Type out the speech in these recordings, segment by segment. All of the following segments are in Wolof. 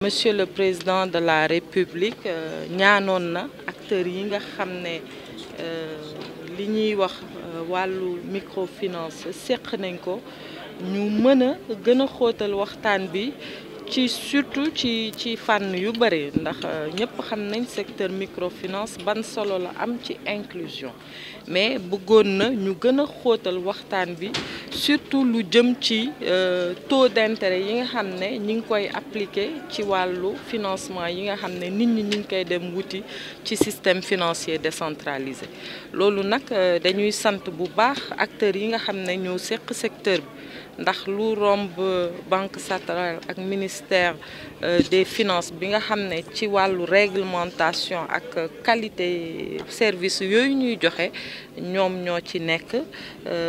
monsieur le président de la république euh, ñaanoon na acteurs yi nga xam ne euh, li ñuy wax euh, wàllu microfinance seq nañ ko ñu mën a gën a waxtaan bi ci surtout ci ci fan yu bëri ndax ñëpp xam nañ secteur microfinance ban solo la am ci inclusion mais bëggoon na ñu gën a xóotal waxtaan bi surtout lu jëm ci euh, taux d'intérêt yi nga xamné ne ñi ngi koy appliquer ci walu financement yi nga xamné nit ñi ñi ngi koy dem wuti ci système financier décentralisé lolu nak euh, dañuy sante bu baax acteurs yi nga xamné ñoo seq secteur bi ndax lu romb banque centrale ak ministère euh, des finances bi nga xamné ci walu réglementation ak qualité service yoy ñuy joxé ñom ñoo ci nekk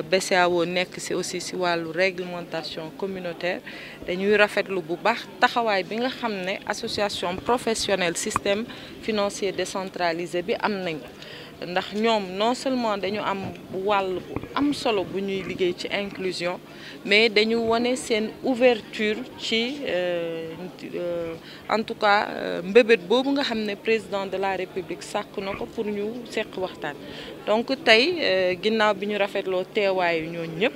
BCEAO nekk et aussi sur la réglementation communautaire dañuy avons bu baax taxawaay bi nga xam association professionnelle système financier décentralisé bi am ndax non seulement dañu am wàll am solo bu ñuy ci inclusion mais dañu wane une ouverture ci euh, euh, en tout cas euh, mbébét bobu nga xamné président de la république sàkk pour ñu sékk waxtaan donc tay ginnaaw bi ñu rafetloo téway ñoo ñëpp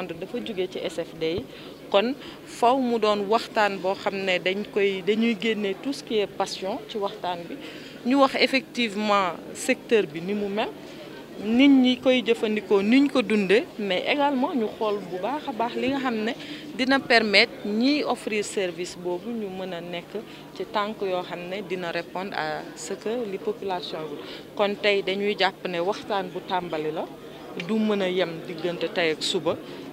comprendre dafa jóge ci SFD kon faw mu doon waxtaan bo xamné dañ koy dañuy génne tout ce qui est passion ci waxtaan bi ñu wax effectivement secteur bi ni mu mel nit ñi koy jëfandikoo ni ko dundé mais également ñu xool bu baax a baax li nga xam ne dina permettre ñiy offrir service boobu ñu mën a nekk ci tànk yoo xam ne dina répondre à ce que li population bi kon tey dañuy jàpp ne waxtaan bu tàmbali la du mën a yem diggante tey ak suba